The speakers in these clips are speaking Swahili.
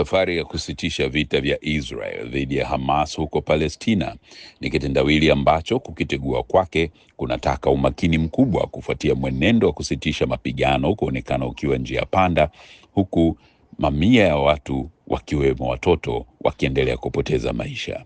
Safari ya kusitisha vita vya Israel dhidi ya Hamas huko Palestina ni kitendawili ambacho kukitegua kwake kunataka umakini mkubwa kufuatia mwenendo wa kusitisha mapigano kuonekana ukiwa njia panda, huku mamia ya watu wakiwemo watoto wakiendelea kupoteza maisha.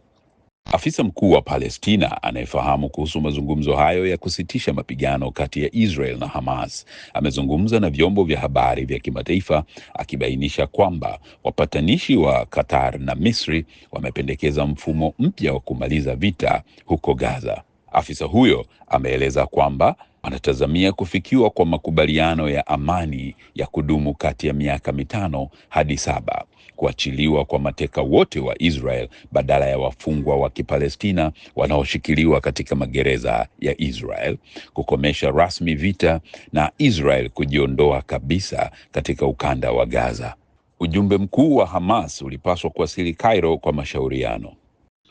Afisa mkuu wa Palestina anayefahamu kuhusu mazungumzo hayo ya kusitisha mapigano kati ya Israel na Hamas amezungumza na vyombo vya habari vya kimataifa akibainisha kwamba wapatanishi wa Qatar na Misri wamependekeza mfumo mpya wa kumaliza vita huko Gaza. Afisa huyo ameeleza kwamba anatazamia kufikiwa kwa makubaliano ya amani ya kudumu kati ya miaka mitano hadi saba kuachiliwa kwa mateka wote wa Israel badala ya wafungwa wa Kipalestina wanaoshikiliwa katika magereza ya Israel, kukomesha rasmi vita na Israel kujiondoa kabisa katika ukanda wa Gaza. Ujumbe mkuu wa Hamas ulipaswa kuwasili Cairo kwa mashauriano.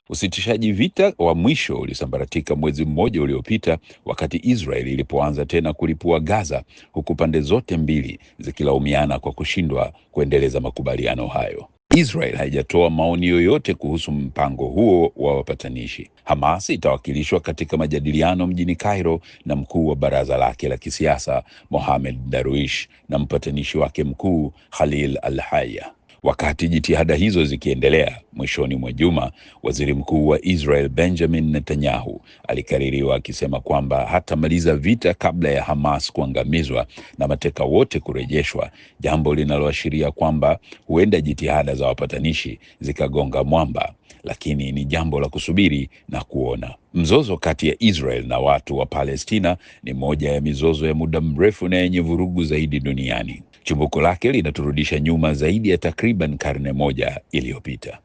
Usitishaji vita wa mwisho ulisambaratika mwezi mmoja uliopita wakati Israel ilipoanza tena kulipua Gaza, huku pande zote mbili zikilaumiana kwa kushindwa kuendeleza makubaliano hayo. Israel haijatoa maoni yoyote kuhusu mpango huo wa wapatanishi. Hamas itawakilishwa katika majadiliano mjini Cairo na mkuu wa baraza lake la kisiasa Mohamed Darwish na mpatanishi wake mkuu Khalil Al-Haya. Wakati jitihada hizo zikiendelea, mwishoni mwa juma, waziri mkuu wa Israel Benjamin Netanyahu alikaririwa akisema kwamba hatamaliza vita kabla ya Hamas kuangamizwa na mateka wote kurejeshwa, jambo linaloashiria kwamba huenda jitihada za wapatanishi zikagonga mwamba, lakini ni jambo la kusubiri na kuona. Mzozo kati ya Israel na watu wa Palestina ni moja ya mizozo ya muda mrefu na yenye vurugu zaidi duniani. Chimbuko lake linaturudisha nyuma zaidi ya takriban karne moja iliyopita.